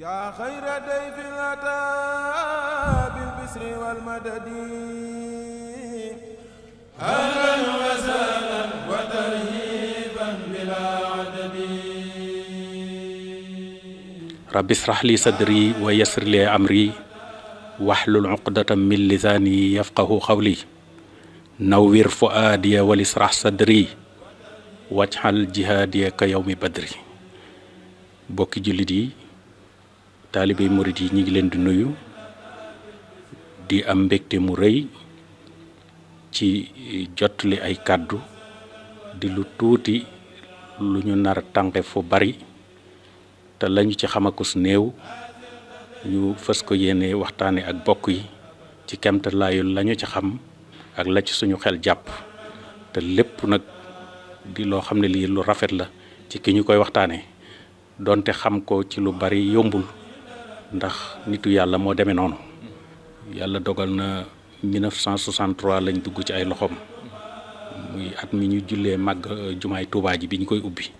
يا خير ديف أتى بالبسر والمدد أهلا وسهلا وترهيبا بلا عدد رب اشرح لي صدري ويسر لي أمري واحلل عقدة من لساني يفقه قولي نوّر فؤادي ولسرح صدري واجعل جهادي كيوم بدري بوكي جلدي taalibe murit yi ñu ngi leen di nuyu di am mbégte mu rëy ci jotli ay kàddu di lu tuuti lu ñu nar a tànqe fu bari te lañu ci xamakus néew ñu fës ko yéene waxtaane ak bokk yi ci kemtalaayul lañu ci xam ak la ci suñu xel jàpp te lépp nag di loo xam ne lii lu rafet la ci ki ñu koy waxtaane donte xam ko ci lu bari yombul ndax nitu yàlla moo demee noonu yàlla dogal na 1963 lañ dugg ci ay loxoom muy at mi ñu jullee màgg euh, jumaay Tuubaa ji bi ñu koy ubbi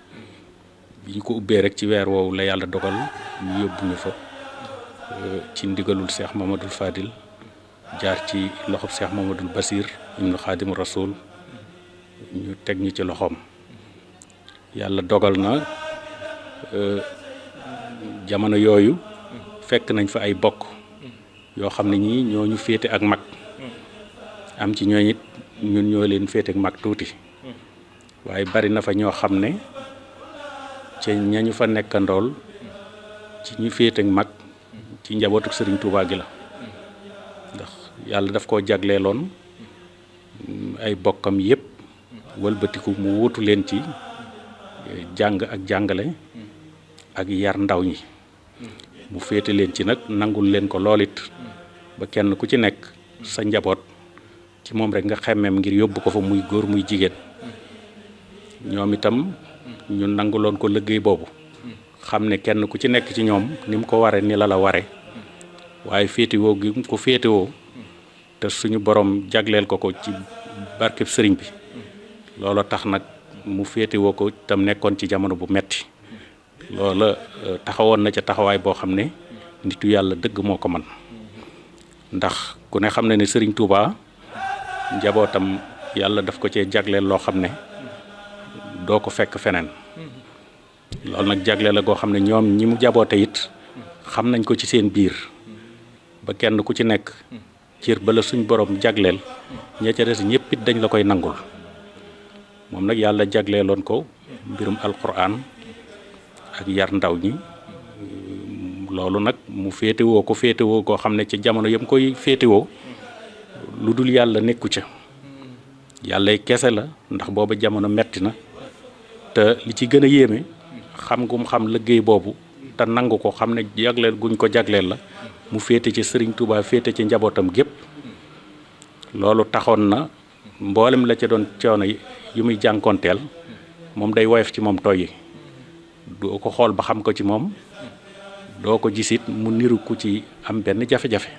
bi ñu ko ubbee rek ci weer woowu la yàlla dogal ñu yóbbu ñu fa euh, ci ndigalul seex Mamadul Fadil jaar ci loxob seex Mamadul Basir ibnu Xaadimu Rasuul ñu teg ñu ci loxoom yàlla dogal na euh, jamono yooyu fekk nañ fa ay bokk yoo xam ne ñii ñoo ñu féete ak mag am ci ñooñu it ñun ñoo leen féete mag tuuti waaye bari na fa ñoo xam ne ca ñañu fa nekkandool ci ñu féete mag ci njabootu sëriñ Touba gi la ndax yàlla daf koo jagleeloon ay bokkam yépp walbatiku mu wutu leen ci jàng ak jàngale ak yar ndaw ñi mu féete leen ci nag nangul leen ko loolit ba kenn ku ci nekk sa njaboot ci moom rek nga xemmeem ngir yóbbu ko fa muy góor muy jigéen ñoom itam ñu nanguloon ko liggéey boobu xam ne kenn ku ci nekk ci ñoom ni mu ko waree ni la la ware waaye féetewoo gi mu ko féetewoo te suñu borom jagleel ko ko ci barkeb sëriñ bi looloo tax nag mu féetewoo ko itam nekkoon ci jamono bu metti loola euh, taxawoon na ca taxawaay boo xam ne nitu yàlla dëgg moo ko man ndax ku ne xam ne ne sëriñ Touba njabootam yàlla daf ko cee jagleel loo xam ne doo ko fekk feneen loolu nag jagleel la goo xam ne ñoom ñi mu jaboote it xam nañ ko ci seen biir ba kenn ku ci nekk cër ba la suñ borom jagleel ña ca des ñëpp it dañ la koy nangul moom nag yàlla jagleeloon ko mbirum alquran ak yar ndaw ñi loolu nag mu féetewoo ko féetewoo koo xam ne ci jamono yam koy féetewoo lu dul yàlla nekku ca yàlla kese la ndax booba jamono metti na te li ci gën a yéeme xam gum xam liggéey boobu te nangu ko xam ne jagleel guñ ko jagleel la mu féete ci sëriñ Touba féete ci njabootam gépp loolu taxoon na mboolem la ca doon coono yi muy jànkoonteel moom day woyof ci moom toy yi doo ko xool ba xam ko ci moom doo ko jisit mu niru ku ci am benn jafe-jafe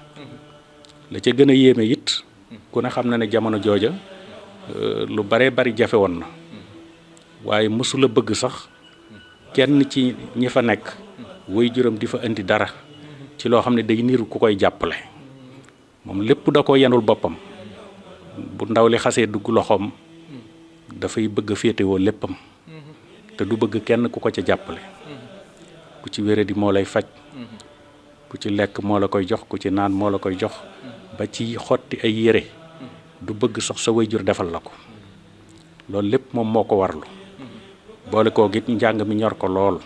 la ca gën a yéeme it ku ne xam na ne jamono jooja euh, lu bare bari jafe woon na waaye mosula bëgg sax kenn ci ñi fa nekk way juram di fa indi dara ci loo xam ne day niru ku koy jàppale moom lépp da ko yenul boppam bu ndaw li xasee dugg loxoom dafay bëgg a féetewoo léppam te du bëgg kenn ku ko ca jàppale ku ci di moo lay faj ku ci lekk moo la koy jox ku ci naan moo la koy jox ba ci xotti ay yére du bëgg sax sa wayjur defal la ko loolu lépp moom moo ko warlu boole koo git njàng mi ñor ko lool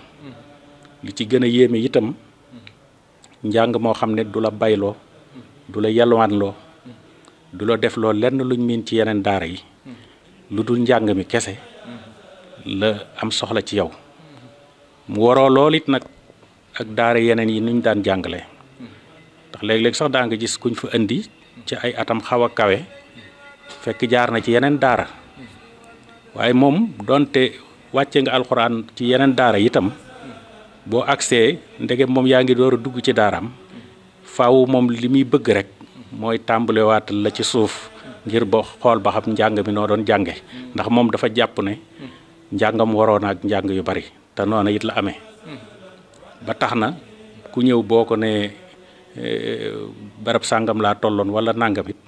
li ci gën a yéeme itam njàng moo xam ne du la bayloo du la yalwaanloo du la def loo lenn luñ miin ci yeneen daara yi lu dul njàng mi kese la am soxla ci yow mu waroo lool it nag ak daara yeneen yi nu ñu daan jàngale ndax léeg-léeg sax daa nga gis kuñ fa indi ci ay atam xaw a kawe fekk jaar na ci yeneen daara waaye moom donte wàcce nga alxuraan ci yeneen daara itam boo agsee ndege moom yaa ngi door a dugg ci daaraam faaw moom li muy bëgg rek mooy tàmbalewaat la ci suuf ngir boo xool ba xam njàng mi noo doon jànge ndax moom dafa jàpp ne njàngam waroon ak njàng yu bari te noona it la amee ba tax na ku ñëw boo ko ne eh, barab sàngam laa tolloon wala nàngam it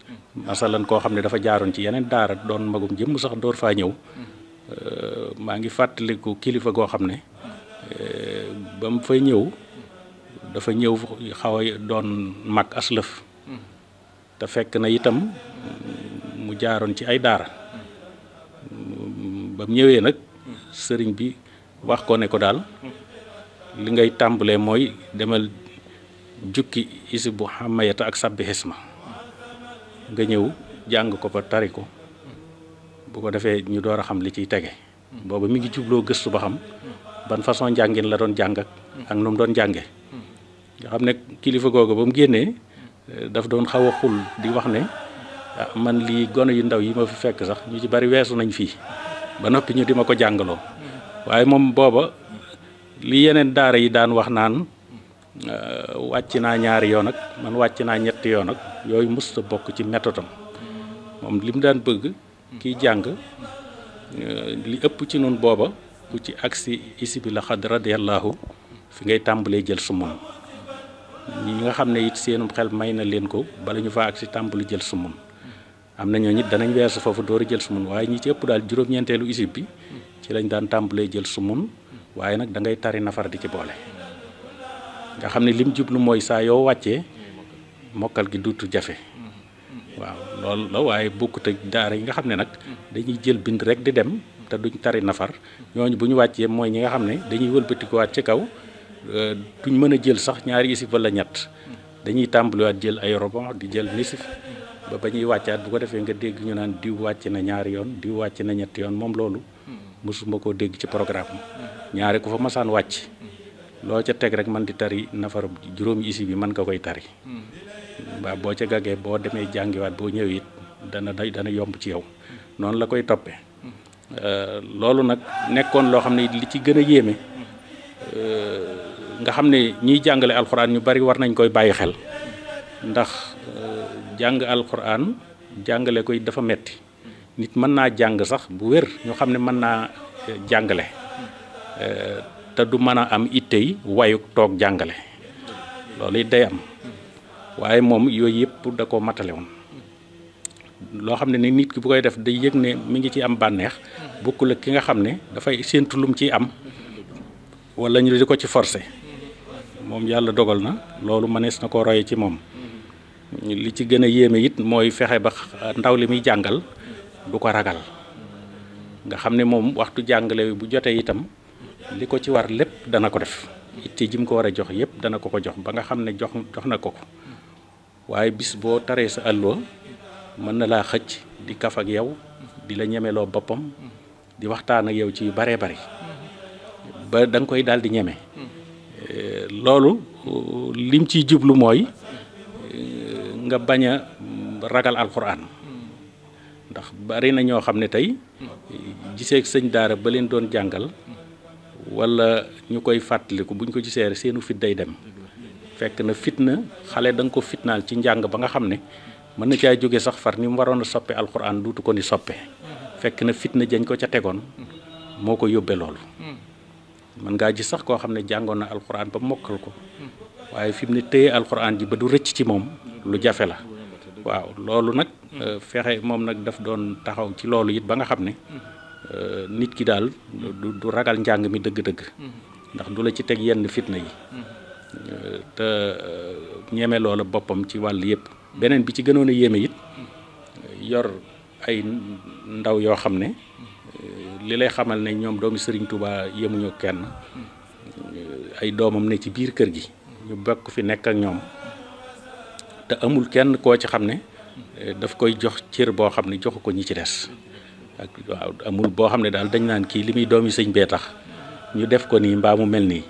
koo xam ne dafa jaaroon ci yeneen daara doon magum jëmm sax door faa ñëw eh, maa ngi fàttaliku kilifa goo xam ne eh, ba fa ñëw dafa ñëw xaw a doon mag aslëf te fekk na itam mu jaaroon ci ay daara ba ñëwee nag sëriñ bi wax ko ne ko daal li ngay tàmbalee mooy demal jukki isi bu xamayata ak sàbbi xisma nga ñëw jàng ko ba tari ko bu ko defee ñu door a xam li ciy tege boobu mi ngi jubloo gëstu ba xam ban façon njàngin la doon jàng ak ak nu mu doon jànge nga xam ne kilifa googu ba mu génnee daf doon xaw xul di wax ne ah, man lii gone yu ndaw yi ma fi fekk sax ñu ci bari weesu nañ fii ba noppi ñu di ma ko jàngaloo waaye moom booba li yeneen daara yi daan wax naan euh, wàcc naa ñaari yoon ak man wàcc naa ñetti yoon ak yooyu sa bokk ci méthode am moom li mu daan bëgg kiy jàng euh, li ëpp ci nun booba ku ci agsi isi bi la xad radiyallahu fi ngay tàmbalee jël sumun ñi nga xam ne it seenum xel may na leen ko bala ñu fa agsi tàmbali jël sumun Amne ñoo dana danañ weesu fofu door jël sumun waye ñi ci ëpp dal juroom ñentelu isib bi ci lañ daan tàmbalee jël sumun waye nak da ngay tari nafar di ci bolé nga xam lim jublu moy sa yo wàccee mokal gi dutu jafe waaw lool la waaye bokkut ak daara yi nga xam nak dañuy jël bind rek di dem te duñ tari nafar ñoo buñu ñu moy ñi nga xam ne dañuy ko ci kaw euh, duñ mëna jël sax ñaari isib wala ñatt dañuy wat jël ay robot di jël nisif ba bañuy waccat bu ko defé nga dégg ñu naan di wacc na ñaar yoon di wacc na ñetti yoon mom lolu mosuma hmm. koo dégg ci programme hmm. ñaari ku fa wacc hmm. lo ca rek man di tari nafar juroom isi bi man ka koy tari waa boo ca bo démé jangi wat bo ñëw it dana dana yomb ci yow non la koy topé euh lolu nak nekkon lo ne li ci gëna yéme euh nga xam ñi jàngalé alcorane ñu bari war nañ koy bayyi xel ndax euh, jàng alquran jàngale ko it dafa metti nit mën naa jàng sax bu wér ñu xam ne mën naa eh, jàngale eh, te du mën a am it yi wayu toog jàngale loolu it day am waaye moom yooyu yëpp da ko matale woon loo xam ne ni nit bu koy def da yëg ne mi ngi ci am bànneex bokkul ak ki nga xam ne dafay séentu lum ciy am wala ñu di ko ci forcé moom yàlla dogal na loolu mënees na ko roye ci moom li ci gën a yéeme it mooy fexe ba ndaw li muy jàngal du ko ragal nga xam ne moom waxtu jàngale bu jotee itam li ko ci war lépp dana ko def te jim ko war a jox yëpp dana ko ko jox ba nga xam ne jox jox na ko ko waaye bis boo taree sa àlluwa mën na laa xëcc di kaf ak yow di la ñemeloo boppam di waxtaan ak yow ci yu baree bari ba da koy daal di ñeme mm. eh, loolu uh, lim ciy jublu mooy nga baña ragal alquran ndax bari na ñoo xamne tay tey ak sëñ daara ba leen doon jangal wala ñukoy fatali ko buñ ko gisee seenu fit day dem fekk na fitna xalé dang ko fitnal ci jang ba nga xamne man na ci ay sax far ni mu warona soppe alquran duutu ko ni soppe fekk na fitna jagn ko ca tegoon moko ko yóbbe man mm. nga gis sax ko xamne jangona alquran ba mokal ko waye fi ni teye téye ji ba du recc ci mom lu jafé la waaw lolu nak euh, fexé mom nak daf doon taxaw ci lolu yit ba nga xamné euh, nit ki dal du ragal njàng mi deug deug ndax dula ci tek yenn fitna yi euh, te ñëmé lolu bopam ci wal yépp benen bi ci gënoon yéme yit yor ay ndaw yo xamné li lay xamal né ñom doomi Serigne Touba yemuñu kenn ay domam ne ci biir kër gi ñu bokk fi nekk ak ñoom te amul kenn koo ci xam ne eh, daf koy jox cër boo xam ne joxu ko ñi ci des ak waaw amul boo xam ne daal dañ naan kii li muy doom yi sëñ bee tax ñu def ko nii mbaa mu mel nii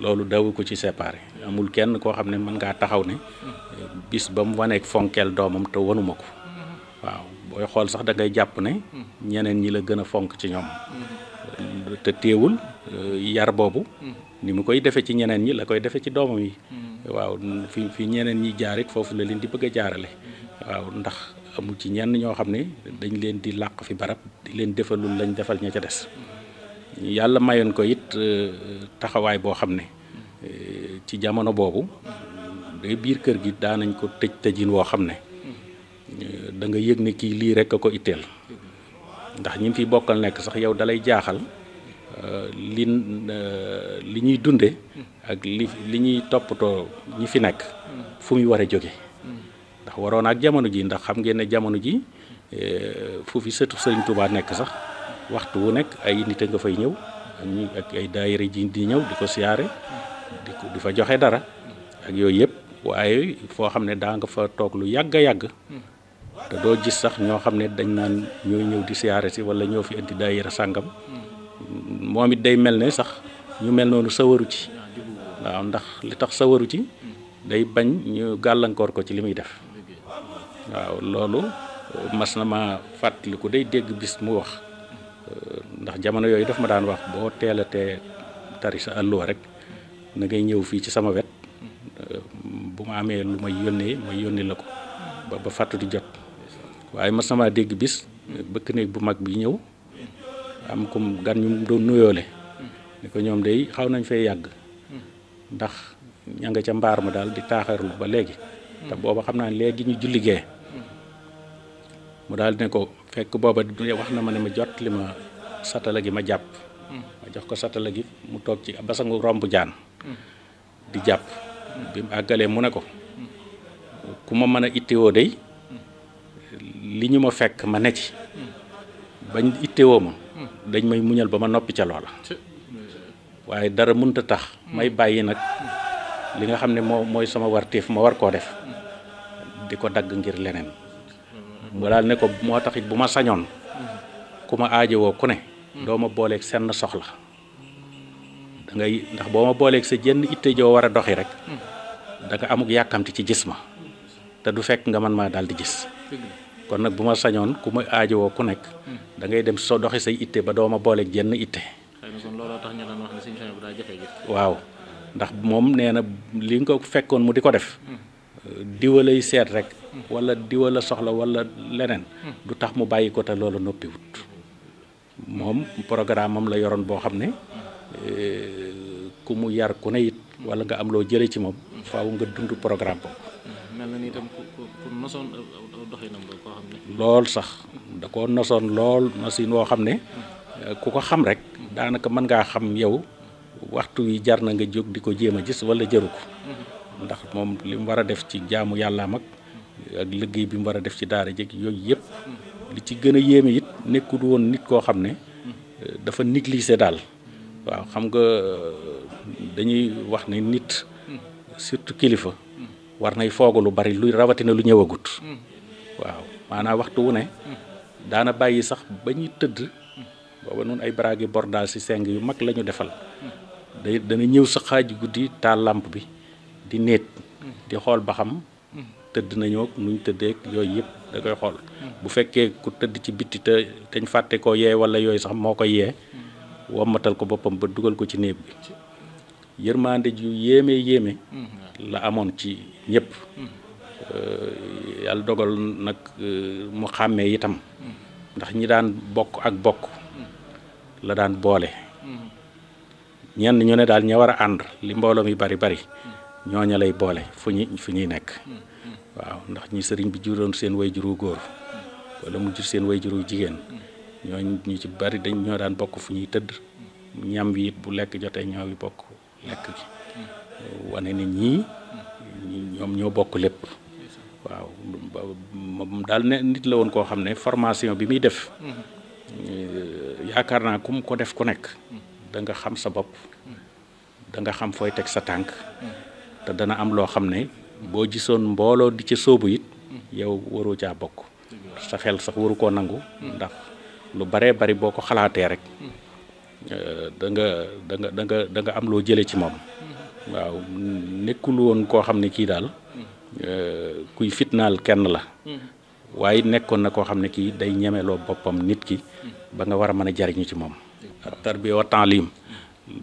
loolu dawu ko ci séparé amul kenn koo xam ne mën ngaa taxaw ne eh, bis ba mu waneeg fonkeel doomam te wanuma ko waaw booy xool sax da jàpp ne ñeneen ñi la gën a fonk ci ñoom te teewul eh, yar boobu ni mu koy defé ci ñeneen ñi la koy defé ci doomam yi hmm. waaw fi fi ñeneen ñi rek fofu la leen di bëgg a jaarale hmm. waaw ndax amu ci ñenn ñoo xam dañ leen di laq fi barab di leen defalul lañ defal ña ca dess hmm. yalla mayoon ko it euh, taxaway bo xam euh, ci jamono bobu day biir kër gi daanañ ko tej tëjin wo xam euh, da nga yëg ne kii lii rek ko itteel ndax ñim fi bokkal nek sax yow dalay jaaxal li euh, li ñuy dunde ak li li ñuy toppatoo ñi fi nekk fu muy war a jóge ndax waroon ak jamono ji ndax xam ngeen ne jamono ji euh, fu fi sëtu Sëriñ Tuubaa nekk sax waxtu wu nekk ay nit a nga fay ñëw ak ay daayira ji di ñëw di ko siyaare di ko di fa joxe dara ak yooyu yëpp waaye foo xam ne daa nga fa toog lu yàgg a yàgg te doo gis sax ñoo xam ne dañ naan ñooy ñëw di siyaare si walla ñoo fi indi daayira sàngam moom it day mel ne sax ñu mel noonu sawaru ci waaw ndax li tax sawaru ci day bañ ñu gàllankoor ko ci li muy def waaw loolu mas na ma fàttaliku day dégg bis mu wax ndax jamono yooyu daf ma daan wax boo teelatee tari sa àlluwa rek na ngay ñëw fii ci sama wet bu ma amee lu may yónnee may yónnee la ko ba ba fàttali jot waaye mas na dégg bis bëkk néeg bu mag bi ñëw am kum gan ñu doon nuyoole ni ko ñom day xaw nañ fay yag ndax ña nga ca mbar ma dal di taaxarlu ba léegi ta boba xamna naa ñu julli ge mu dal ne ko fekk booba wax na ma ne ma jot lima satala gi ma japp ma jox ko satala gi mu tok ci basangu rombu jaan di japp bi mu àggalee mu ne ko kuma ma itti wo day liñuma ma fekk ma ne ci bañ wo ma dañ may muñal bama nopi noppi ca loola waaye dara munta tax may bayyi nak li nga xamne mo moy sama wartif ma war ko def di dag ngir lenen mu daal ne ko mo tax it bu ma sañoon ku ma aajowoo ku ne doo ma ak sen soxla da ngay ndax boo ma ak sa jenn itte jo wara doxi rek hmm. da nga amuk yakamti ci gis ma te du fekk nga man ma dal di gis kon nak buma sañon sañoon ku ma ku nek hmm. da ngay dem so doxé say ité ba dooma ak jenn ité waaw ndax mom néna li nga ko fekkon mu diko def hmm. diwa lay rek hmm. wala diwala soxla wala lenen du tax mu bayiko ta lolu nopi wut mom programme am la yoron bo xamné ne eh, ku yar ku ne it wala nga am lo jëlé ci mom faaw nga dundu programme ku lool sax da ko nosoon lool machine wo xamne ku ko xam rek danaka man nga xam yow waxtu wi jar na nga jog di jema gis wala jeruko mm-hmm. ndax mom lim wara def ci jaamu yalla mak ak liggey bi mu war def ci daara jek yoy yep li ci gëna a yit nekkul won nit ko xamne mm-hmm. dafa négligé dal waaw xam nga dañuy wax ne nit mm-hmm. surtout kilifa war nay bari rawati na lu ñewagut waaw maanaam waxtu wu ne daana bàyyi sax ba ñuy tëdd booba noonu ay baraagi bordage si seng yu mag lañu defal day dana ñëw sa xaaji guddi taal lamp bi di néet di xool ba xam tëdd nañoo nuñ tëddeeg yooyu yëpp da koy xool bu fekkee ku tëdd ci bitti te dañ fàtte koo yee wala yooyu sax moo koy yee wommatal ko boppam ba dugal ko ci néeg bi yërmande ju yéeme yéeme la amoon ci ñëpp Euh, yàlla dogal nag euh, mu xàmmee itam ndax ñi daan bokk ak bokk la daan boole ñenn ñoo ne daal ña war a ànd li mbooloom mi bari bari ñooña lay boole fu ñu fu ñuy nekk waaw ndax ñi sëriñ bi juróon seen way juru góor wala mu jur seen way juru jigéen ñooñ ñu ci bari dañ ñoo daan bokk fu ñuy tëdd ñam wi bu lekk jotee ñoo wi bokk lekk gi wane ni ñii ñoom ñoo bokk lépp waaw daal ne nit la woon koo xam ne formation bi muy def mhm. yaakaar naa kum ko def ku nekk mhm. da nga xam sa bopp mhm. da nga xam fooy teg sa tànk te dana am loo xam ne boo gisoon mbooloo di ca sóobu it yow waru caa bokk sa xel sax waru koo nangu ndax lu bare bari boo ko xalaatee rek euh, da nga da nga da nga da nga am loo jëlee ci moom waaw nekkul woon koo xam ne kii daal Euh, kuy fitnal kenn la hmm. waye nekkon na ko xamne ki day ñemeloo bopam nit ki ba nga war mëna mën jariñu ci mom hmm. tarbiya wa talim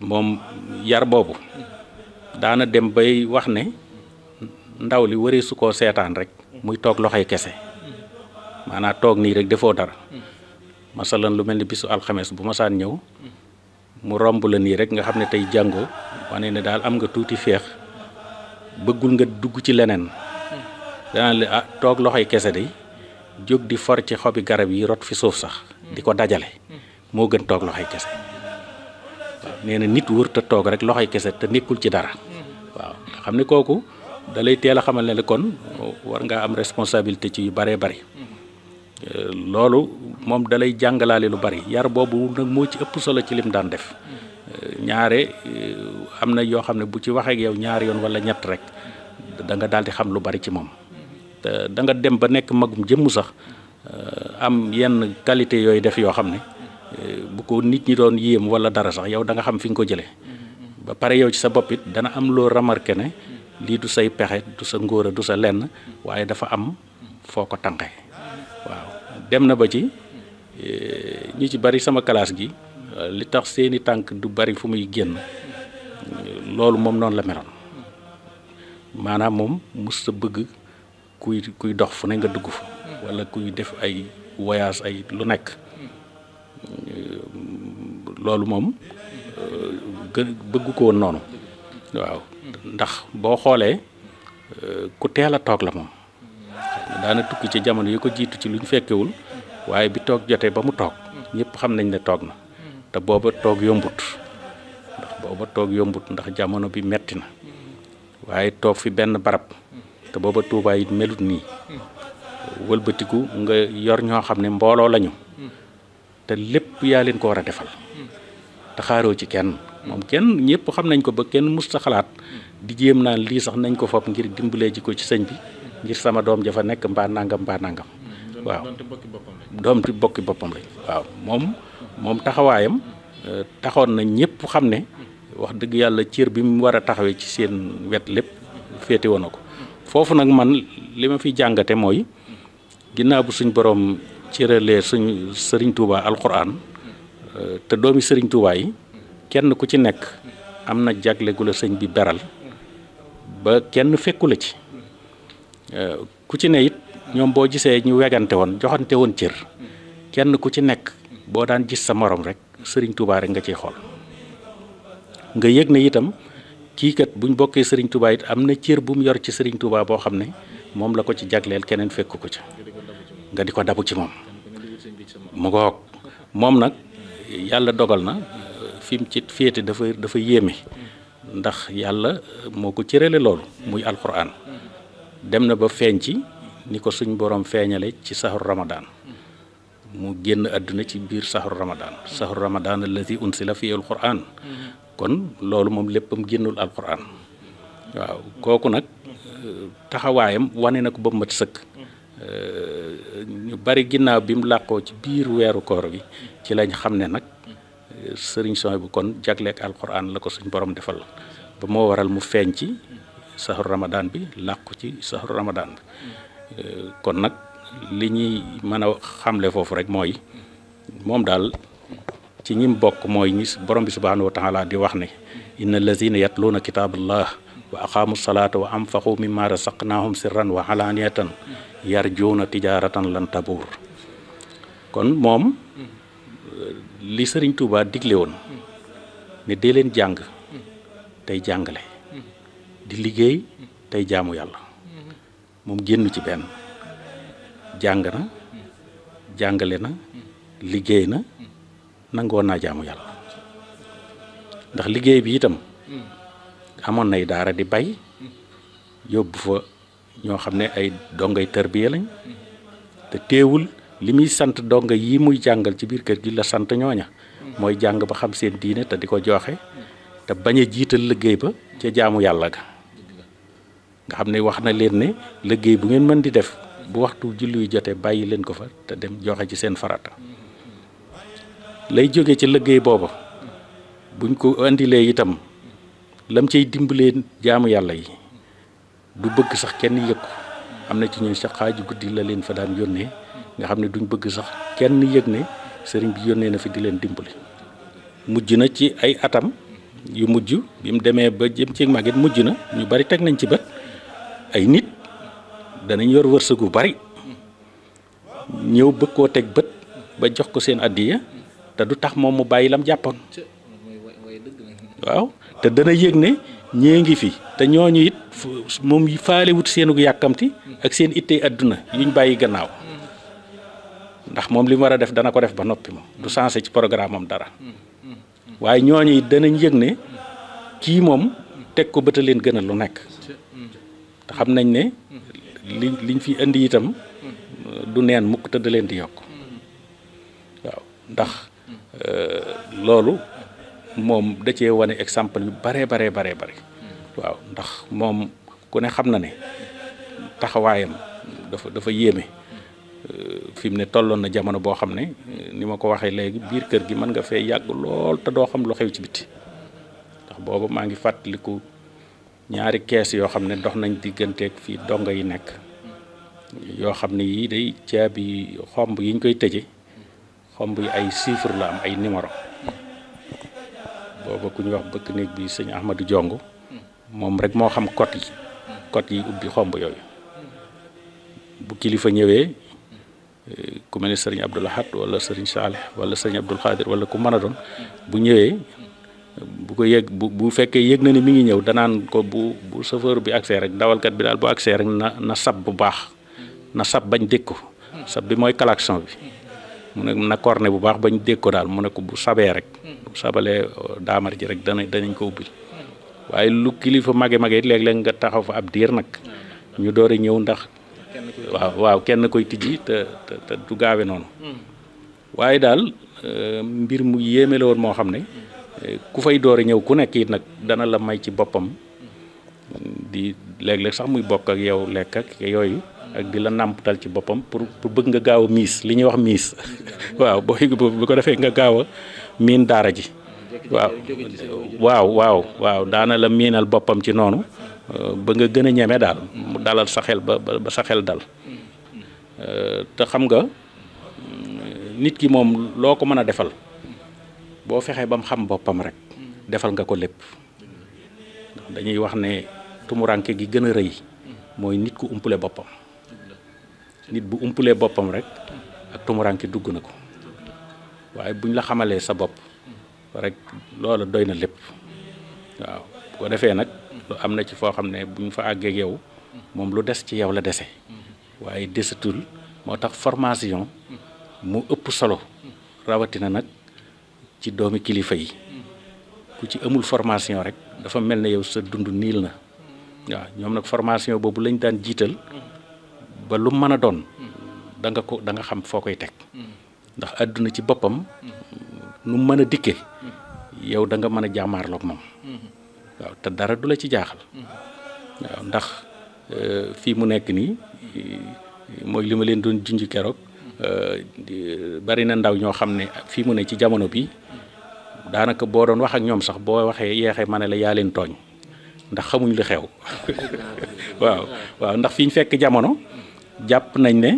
mom yar bobu hmm. daana dem bay wax ne ndaw li su koo rek muy tok loxay kese mana tok ni rek defo dar masalan lu melni bisu al khamis bu masaan ñew mu rombu la ni rek nga xamne tay jango wané ne am nga tuti nga dugg ci lenen danaan a ah, tok loxoy kese day jog di for ci xobi garab yi rot fi suuf sax di dajale moo gën tok loxoy kese waaw nee nit wër ta tok rek loxoy kese te nekkul ci dara waaw xamni koku dalay téla xamal kon war nga am responsabilité ci yu bare bari eh, lolu mom dalay jangalale lu bari yar bobu nak mo ci ëpp solo ci lim daan def eh, ñaare eh, amna yo xamne bu ci wax ak yow ñaar yon wala ñett rek da nga daldi xam lu bari ci da nga dem ba nek magum jëm sax euh, am yenn qualité yoy def yo xamne euh, bu ko nit ñi doon yéem wala dara sax yow da nga xam fi nga ko jëlé ba pare yow ci sa bopp it dana am lo remarqué né li du say pexé du sa ngóora du sa lenn waye dafa am foko Wow, waaw dem na ba ci euh, ñi ci bari sama classe gi li tax seeni tank du bari fu muy genn lolu mom non la meron manam mom musta kuy kuy dox fu ne nga dugg fa wala kuy def ay voyage ay lu nekk euh, loolu moom euh, gën bëgg ko woon noonu waaw ndax boo xoolee euh, ku teel a toog la moom daana tukki ci jamono yi ko jiitu ci lu fekkewul waaye bi toog jotee ba mu toog ñëpp xam nañ ne toog na te booba toog yombut ndax booba toog yombut ndax jamono bi metti na waaye toog fi benn barab te booba Touba it melut nii wëlbatiku nga yor ñoo xam ne mbooloo lañu te lépp yaa leen ko war a defal te xaaroo ci kenn moom kenn ñëpp xam nañ ko ba kenn mus sa xalaat di jéem naan lii sax nañ ko fopp ngir dimbalee ji ko ci sëñ bi ngir sama doom jafa nekk mbaa nangam mbaa nangam doom ti bokki boppam lañ waaw taxawaayam euh, taxoon na ñëpp xam ne wax dëgg yàlla cër bi mu war a taxawee ci seen wet lépp féete woon ko fofu nak man lima fi jangate moy ginnaaw bu suñ borom cëralee suñ serigne Touba alquran te doomi serigne Touba yi kenn ku ci nek amna jagle bi beral ba kenn fekkul ci ku ci ne it ñoom boo gisee ñu wegante won joxante won cër kenn ku ci nek bo daan gis sa morom rek serigne Touba rek nga ci xol nga yegg ne itam. kii kat buñ bokkee sëriñ Touba it am na cër bu mu yor ci Serigne Touba boo xam ne moom la ko ci jagleel keneen fekk ko ci nga di ko dabu ci moom mu ngoog moom nag yàlla dogal na fi mu ci féete dafa dafa yéeme ndax yàlla moo ko cërale loolu muy alquran dem na ba feeñ ci ni ko suñ boroom feeñale ci saxur ramadan mu génn àdduna ci biir saxur ramadan saxur ramadan allazi unsila fi alquran kon loolu moom léppam génnul alxuraan waaw kooku nag euh, taxawaayam wane na ko ba mat sëkk euh, ñu bari ginnaaw bi mu làqoo ci biir weeru koor bi ci lañ xam ne nag euh, sëriñ sooy bu kon jagleek alxuraan la ko suñ boroom defal ba moo waral mu feeñ ci saxaru ramadaan bi làqu ci saxaru ramadaan bi kon nag li ñuy mën a xamle foofu rek mooy moom daal ci ñim bok moy ñi borom bi subhanahu wa taala di wax ne innal ladhina yatluna kitaballah wa aqamu salata wa anfaqu mimma razaqnahum sirran wa alaniatan yarjuna tijaratan lan tabur kon mom li serigne touba diglé won ne dee len jang tay jangalé di liggéey tay jaamu yalla mom gennu ci ben na na liggéey na nangoon naa jaamu yàlla ndax liggéey bi itam amoon nay daara di bay yóbbu fa ñoo xam ne ay dongay tërbiya lañ te teewul li muy sant donga yi muy jàngal ci biir kër gi la sant ñooña mooy jàng ba xam seen diine te di ko joxe te bañ a jiital liggéey ba ca jaamu yàlla ga nga xam ne wax na leen ne liggéey bu ngeen mën di def bu waxtu julli yu jotee bàyyi leen ko fa te dem joxe ci seen farata lay jóge ci liggéey booba buñ ko indilee itam lam ciy dimbalee jaamu yàlla yi du bëgg sax kenn yëg ko am na ci ñun sax xaaju guddi la leen fa daan yónnee nga xam ne duñ bëgg sax kenn yëg ne sëriñ bi yónnee na fi di leen dimbali mujj na ci ay atam yu mujj bi mu demee ba jëm ci màgget mujj na ñu bari teg nañ ci bët ay nit danañ yor wërsëg gu bari ñëw bëgg koo teg bët ba jox ko seen addiya te du tax moom mu bàyyi lam jàppoon waaw te dana yëg ne ñée ngi fi te ñooñu it moom faale wut seenug yàkkamti ak seen ittee àdduna yuñ bàyyi gannaaw ndax moom li mu war a def dana ko def ba noppi moom du sensé ci programme am dara waaye ñooñu it danañ yëg ne kii moom teg ko bëta leen gën lu nekk mm. te xam nañ ne li liñ fi indi itam du neen mukk te da leen di yokk mm. waaw ndax lolu mom da ci wane exemple yu bare bare bare bare waaw ndax mom ku ne xam na ne taxawayam dafa dafa yeme euh, fim ne tolloon na jamono bo xamne ne ni mako ko waxee léegi biir kër gi man nga fe yag lol ta do xam lu xew ci biti tax bobu ma ngi fatlikou ñaari kees yo xamne ne dox nañ digganteeg fi donga yi nek yo xamne yi day ciabi xomb yiñ koy tejje xomb yi ay chiffre la am ay numéro booba ku ñuy wax bëkk néeg bi sëñ Ahmadou Jong moom rek moo xam code yi code yi ubbi xomb yooyu bu kilifa ñëwee eh, ku mel ni sëriñ Abdoul Ahad wala sëriñ Saalih wala sëriñ Abdoul Xaadir wala ku mën a doon bu ñëwee bu ko yëg bu fekkee yëg na ni mi ngi ñëw danaan ko bu bu chauffeur bi accès rek dawalkat bi daal bu accès rek na na sab bu baax na sab bañ dégg sab bi mooy klaxon bi mu ne na corne bu baax bañ dégg ko daal mu ne ko bu sabee rek bu sabalee euh, daamar ji rek dana danañ ko ubbil waaye lu kilifa mage mage it léeg-léeg nga taxaw fa ab diir nag ñu door a ñëw ndax waaw waaw kenn koy tijji te du gaawe noonu waaye daal euh, mbir mu yéeme la moo xam ne euh, ku fay door a ñëw ku nekk it nag dana la may ci boppam di léeg-léeg sax muy bokk ak yow lekk ak yooyu ak di la nàmpatal ci bopam pour pour bëgg nga gaaw miss li ñu wax miss waaw boo bu ko defee nga gaaw min dara ji waaw waaw waaw waaw daana la minal bopam ci nonu euh, ba nga gëna ñëmé dalal sa xel ba sa xel dal euh, te xam nga euh, nit ki mom loko mëna defal bo fexee ba xam bopam rek defal nga ko lepp dañuy wax ne tumuranke gi gëna reuy moy nit ku umpule bopam nit bu umpulee boppam rek ak tumuraanke dugg na ko waaye buñ la xamalee sa bopp rek loola doy na lépp waaw bu ko defee nag lu am na ci foo xam ne buñ fa àggee yow moom lu des ci yow la dese waaye desatul moo tax formation mu ëpp solo rawatina nag ci doomi kilifa yi ku ci amul formation rek dafa mel ne yow sa dund niil na waaw ñoom nag formation boobu lañ daan jiital ba lu mën a doon da nga ko danga xam foo koy teg ndax àdduna ci boppam nu mën a dikke yow da nga mën a jaamaarloog moom waaw te dara du la ci jaaxal waaw ndax eh, fii mu nekk nii mooy li ma leen doon junj keroog eh, bari na ndaw ñoo xam ne fii mu ne ci jamono bi daanaka boo doon wax ak ñoom sax boo waxee yeexee ma ne la yaa leen tooñ ndax xamuñ li xew waaw ndax fi ñu fekk jamono japp nañ ne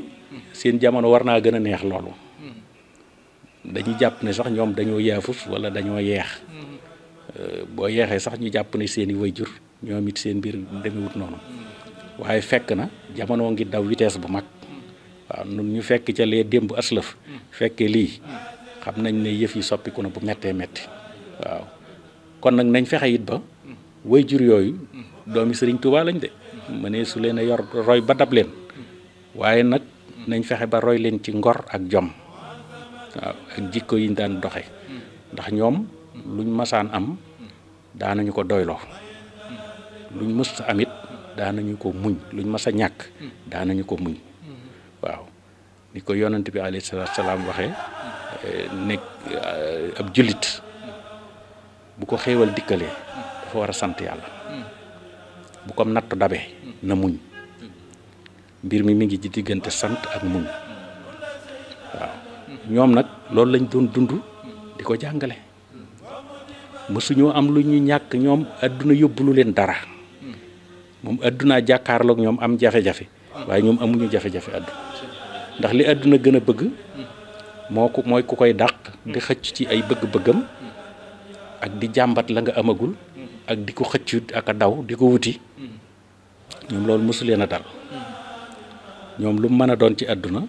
seen jamono war naa gën a neex loolu dañuy japp ne sax ñoom dañoo yaafuf wala dañoo yeex euh, boo yeexee sax ñu japp ne seen i wayjur ñoom it seen mbir demewut noonu waaye fekk na jamono ngi daw vitesse bu mag waaw nun ñu fekk ca lee démb aslëf fekkee lii xam nañ ne yëf yi soppiku na bu mettee metti waaw kon nag nañ fexe it ba wayjur yooyu doomi sëriñ Tuubaa lañ de mënee su leen a yor roy ba dab leen waaye nag nañ fexe ba roy leen ci ngor ak jom waaw ak jikko yiñ daan doxe ndax ñoom luñ masaan am daanañu ko doyloo luñ mës amit amit daanañu ko muñ luñ mës a ñàkk daanañu ko muñ waaw ni ko yonent bi alayhi salaatu salaam waxe eh, nekk eh, ab jullit bu ko xeewal dikkalee dafa war a sant yàlla bu ko natt dabe na muñ mbir mi mi ngi ci digënté sant ak muñ waaw ñoom nak loolu lañ doon dundu di ko jàngale am luñu ñak ñom aduna àdduna yóbbulu leen dara aduna àdduna jàkkaarloog ñom am jafe-jafe waye ñom amuñu jafe-jafe addu ndax li aduna gëna bëgg moko ko ku koy dàq di xëcc ci ay bëgg-bëggam ak di jambat la nga amagul ak di ko ak a daw di ko wuti ñom loolu mësu dal ñom lu mëna doon ci aduna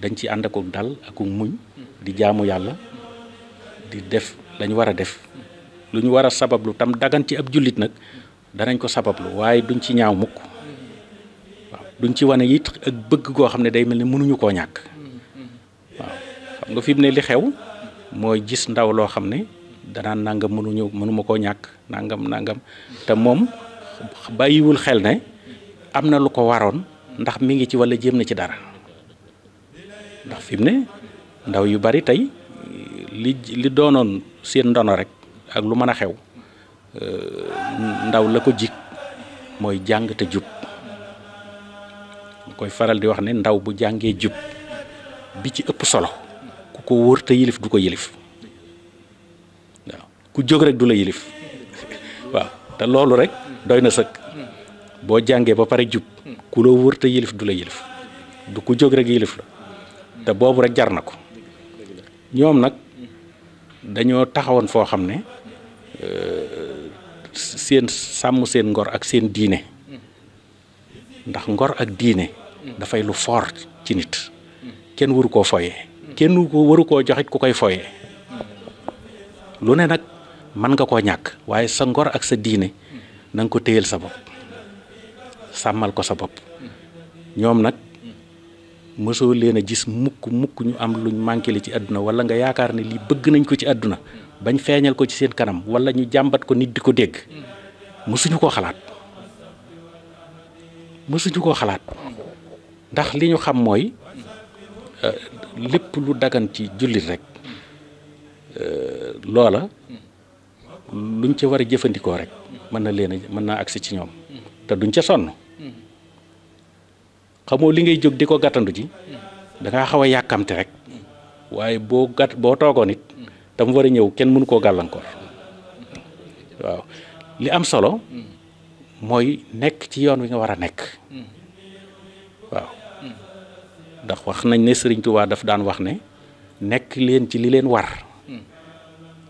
dañ ci and akuk dal ak muñ di jaamu yalla di def lañ wara def lu ñu sabablu tam dagan ci ab nak, nag danañ ko sabablu waye duñ ci ñaaw mukk waaw duñ ci wane yit ak bëgg go xamne day melni mënuñu ko ñak waaw xam nga fimne li xew moy gis ndaw lo xamne ne amna nangam mënuñu mënuma ko ñak nangam nangam te mom bayiwul xel ne amna lu ko waron ndax mi ngi ci wala jëm na ci dara ndax fi ne ndaw yu bari tay li li donon seen ndono rek ak lu xew euh, ndaw la ko jik moy jang te jup koy faral di wax ne ndaw bu jangé jup bi ci ëpp solo ku ko wër te yilif du ko yilif ku jog rek du la yilif waaw te lolu rek doyna seuk bo jangé ba paré djub ku lo wurté te dula yelif du ku jóg rek yelif la té bobu rek jar na ko ñoom nag dañoo taxawoon foo xam ne euh, seen sàmm seen ngor ak seen diiné ndax ngor ak da fay lu fort ci nit kenn waru ko foyé kenn waru ko joxit ku koy foyé lu né nak man nga ko ñak waye sa ngor ak sa diiné nang ko teyel sa bop samal ko sa bop ñom nak mësoo leena gis mukk mukk ñu am luñu manké li ci aduna wala nga yaakar ne lii bëgg nañ ko ci aduna bañ feeñal ko ci seen kanam wala ñu jambat ko nit diko ko dégg mësuñu koo xalaat mësuñu ko xalaat ndax li ñu xam moy euh, lepp lu dagan ci julit rek euh, loola luñ ci war jëfëndiko rek man na leena man na aksi ci ñom te duñ ci sonu nga li ngay jog di gatandu ci da nga xawa yakamte rek waye bo gat bo togo nit tam wara ñew ñëw kenn mënu ko galankor waaw li am solo moy nek ci yoon wi nga war nek waaw ndax wax nañ ne serigne touba daf daan wax ne nek leen ci li leen war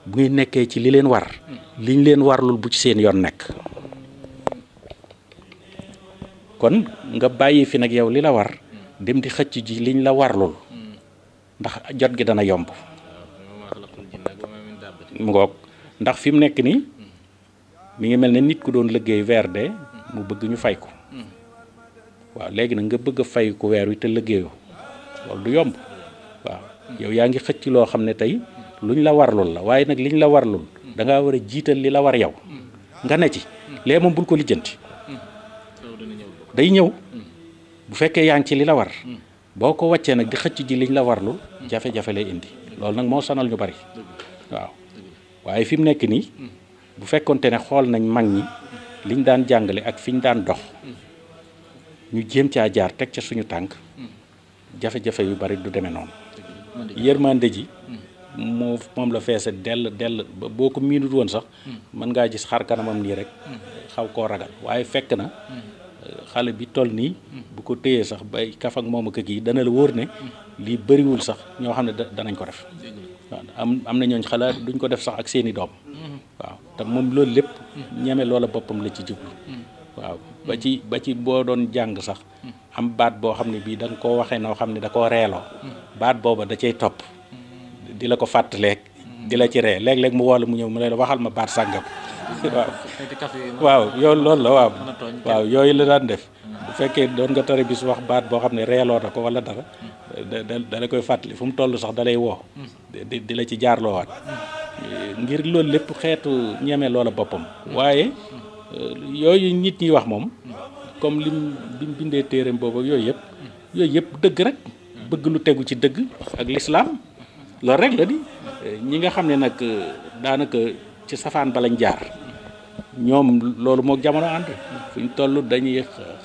bu ngeen nekké ci li leen war liñ leen lul bu ci seen yoon nek kon nga bàyyi fi nag yow li la war dem di xëcc ji liñ la warlul ndax jot gi dana yomb mu ngoog ndax fi mu nekk nii mu ngi mel ne nit ku doon liggéey weer de mu bëgg ñu fay ko waaw léegi nag nga bëgg fay ko weer wi te liggéeyoo loolu du yomb waaw yaa ngi xëcc loo xam ne tey luñ la warlul la waaye nag liñ la warlul danga war a jiital li la war yow nga ne ci lee moom bul ko lijjanti. day ñëw bu fekkee yaa ngi ci li la war boo ko wàccee nag di xëcc ji liñ la warlu jafe-jafe lay indi loolu nag moo sonal ñu bari waaye fi mu nekk nii bu fekkonte ne xool nañ mag ñi liñ daan jàngale ak fiñ daan dox ñu jéem caa jaar teg ca suñu tànk jafe-jafe yu bari du demee noonu yërmande ji moom la feese dell dell boo ko miinut woon sax mën ngaa gis xar kanamam nii rek xaw koo ragal waaye fekk na xale bi toll nii bu ko téyee sax bay kaf ak moom ak kii dana la wóor ne lii bëriwul sax ñoo xam ne danañ ko def am na ñooñ xalaat ko def sax ak seeni doom waaw te moom loolu lépp ñeme loola boppam la ci jublu waaw ba ci boo doon jàng sax am baat boo xam ne bii da ko koo waxee noo xam ne da koo reeloo baat booba da cay topp di la ko fàttaleek di la ci ree léeg-léeg mu woo la mu ñëw mu ne la waxal ma baat sàngam waaw waaw yow loolu la waaw waaw yooyu la daan def bu fekkee doon nga tari bis wax baat boo xam ne reeloo a ko wala dara da la koy fàttali fu mu toll sax dalay lay woo di la ci jaarloowaat ngir loolu lépp xeetu ñeme loola boppam waaye yooyu nit ñi wax moom comme li bimu bindee téeréem boobu yooyu yëpp yooyu yëpp dëgg rek bëgg lu tegu ci dëgg ak lislaam lo rek la di ñi nga xamne nak nag euh, daanaka ci safan ba lañ jaar ñom lolu moog jamono and fuñ tollu dañuy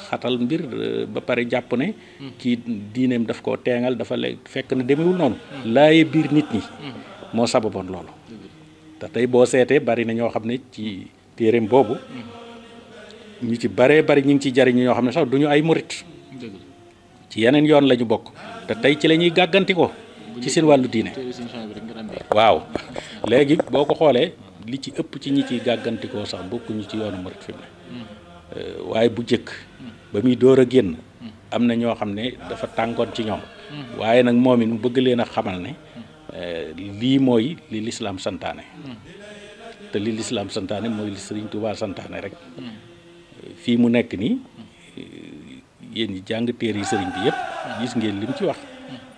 xatal mbir euh, ba pare japp ne ki diinem daf ko téngal dafa le fekk na demewul non laaye bir nit ñi mo sababon lolu te tay bo sété bari na ño xamne ci terem bobu ñi ci bare bari ñi ci jariñu ño xamne sax duñu ay murit ci yenen yoon lañu bok ta tay ci lañuy gaganti ko ci seen wàllu diine waaw léegi boo ko xoolee li ci ëpp ci ñi ciy gàggantikoo sax bokkuñu ci yoonu murit mu euh, waaye bu jëkk ba muy door a génn am na ñoo xam ne dafa tàngoon ci ñoom waaye nag moom it mu bëgg leen a xamal ne euh, lii mooy li lislaam santaane te li lislaam santaane mooy li Sëriñ Tuubaa santaane rek fii mu nekk nii euh, yéen ñi jàng téere yi sëriñ bi yëpp gis ngeen lim ci wax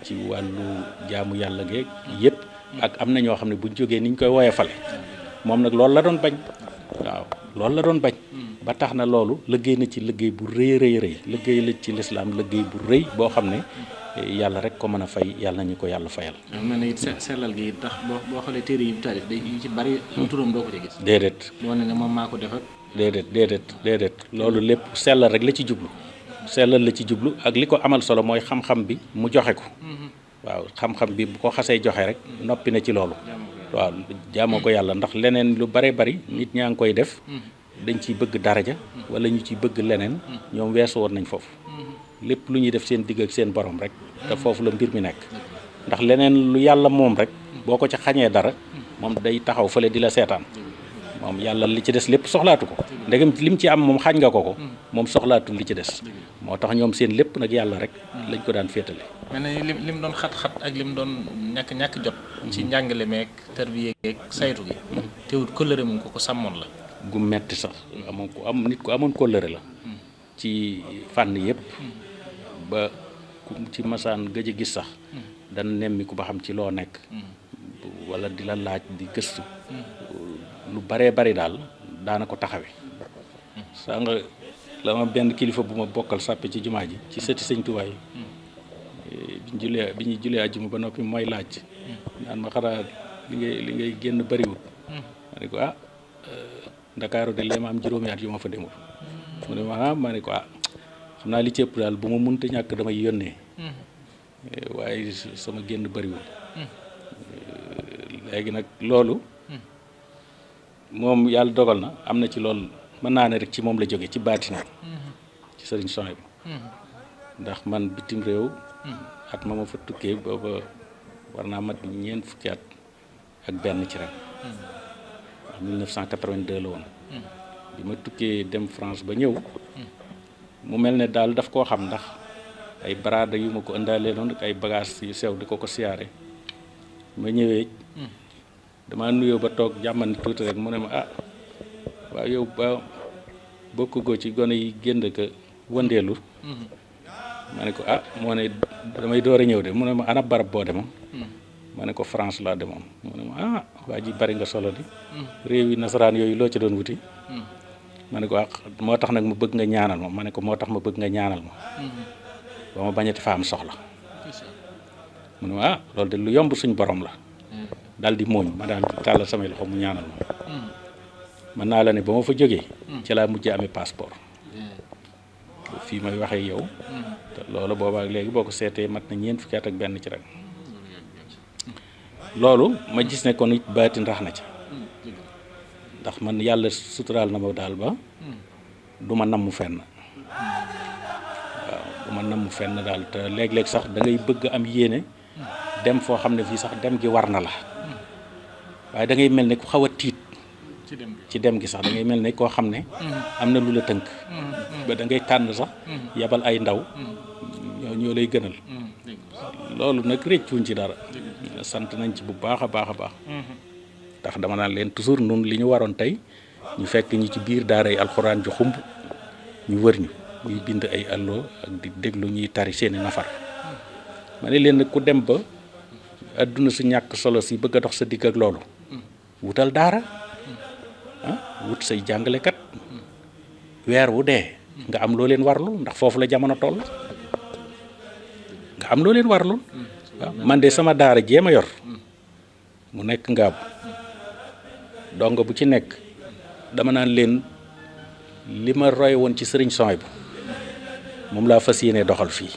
ci wàllu jaamu yàlla geeg yëpp ak am na ñoo xam ne buñ jógee ni ñu koy woyofale moom nag loolu la doon bañ waaw loolu la doon bañ ba tax na loolu liggéey na ci liggéey bu rëy rëy rëy liggéey la ci lislaam liggéey bu rëy boo xam ne yàlla rek ko mën a fay yàlla na ñu ko yàlla fayal. man it sellal gi tax boo boo xoolee téere yi taalif ci bari. turam doo gis. déedéet. boo ne ne moom maa ko def ak. déedéet déedéet loolu lépp sellal rek la ci jublu. sellal la ci jublu ak li ko amal solo mooy xam-xam bi mu joxe ko waaw xam-xam bi bu ko xasee joxe rek noppi na ci loolu waaw jaamoo ko yàlla ndax leneen lu bare bari nit ñaa ngi koy def dañ ciy bëgg daraja wala ñu ciy bëgg leneen ñoom weesu woon nañ foofu lépp lu ñu def seen digg ak seen borom rek te foofu la mbir mi nekk ndax leneen lu yàlla moom rek boo ko ci xañee dara moom day taxaw fële di la seetaan mom yalla li ci dess lepp soxlaatu ko ndegam lim ci am mom xagn nga ko ko hmm. moom li ci dess motax ñom seen lepp nak yalla rek hmm. lañ ko daan fétalé mel lim lim doon xat-xat ak lim doon ñak ñak jot hmm. ci njàngale meeg tarbiye ak saytu gi teewul sam mu ko ko samon la gu metti sax amoon ko am nit ko amon la ci fan yépp ba ci masan geje a gis sax dan nemmi ku ba xam ci lo nek wala di la laaj di gëstu lu bare bare daal daana ko taxawe nga la ma benn kilifa bu ma bokkal ci jumaa ji ci sëti seigne touba yi eh, bi julé julee julé ñu ba noppi mooy laaj naan ma xara li ngay li ngay génn bari ma ne ko ah eh, ndakaaru de lema ma am juroom yaat yuma ma fa demul mu ne ma ah ne ko ah xam naa li ci ëpp daal bu ma mënta ñàkk damay yónnee eh, waaye sama génn bariwul léegi nag loolu moom yàlla dogal na am na ci loolu mën naa ne rek ci moom la jóge ci baatina mm-hmm. ci sëriñ Sonia bi ndax man bitim réew mm-hmm. at ma ma fa tukkee booba war naa mat ñeent fukki at ak benn ci ren 1982 mm-hmm. la woon bi ma tukkee dem France ba ñëw mu mel ne daal daf koo xam ndax ay baraada yu ma ko indaalee noonu ay bagages yu sew di ko ko siyaare ma ñëwee dama nuyo ba tok jàmmandi tout rek mo ne ma ah wa yow ba bokku go ci gone yi gënd ke wëndeelu hmm mané ko ah mo ne damay doore ñew de mo ne ma ana barab bo dem ma ko france la dem mo ne ma ah waa ji bari nga solo di réew yi nasaraan yoy lo ci doon wuti hmm mané ko ah moo tax nag ma bëgg nga ñaanal mo mané ko moo tax ma bëgg nga ñaanal ma ba ma bañati fa am soxla mo ne ma ah de lu yomb suñu borom la daal di mooñ ma dal di tàllal samay loxo mu ñaanal ma mën na la ne bama fa joggé ci la mujjé amé passeport fi may waxé yow té loolu boba ak légui boko sété mat na ñeen fukki at ak ben ci rek loolu ma gis né kon it na ci ndax man yalla sutural na ma dal ba duma namu fenn duma namu fenn dal té lég lég sax da ngay bëgg am yéné dem fo xamné fi sax dem gi warna la waaye dangay mel ni ku xaw a tiit ci dem gi sax da ngay mel ne koo xam ne mm-hmm. am na lu la tënk mm-hmm. ba da ngay tànn sax mm-hmm. yabal ay ndaw ñoo lay gënal loolu nag réccuñ ci dara sant nañ ci bu baax a baax a baax ndax dama naan leen toujours nun li ñu waroon tey ñu fekk ñi ci biir daara yi alxuraan ju xumb ñu wër ñu muy bind ay allo ak di déglu ñuy tari seeni nafar ma ne leen ku dem ba àdduna su ñàkk solo si bëgg a dox sa digg ak loolu wutal dara wut say kat wer wu de nga am lo len warlu ndax fofu la jamono toll nga am lo len warlu man de sama dara jema yor mu nek nga dongo bu ci nek dama nan len lima roy won ci serigne sooy bu moom laa doxal fi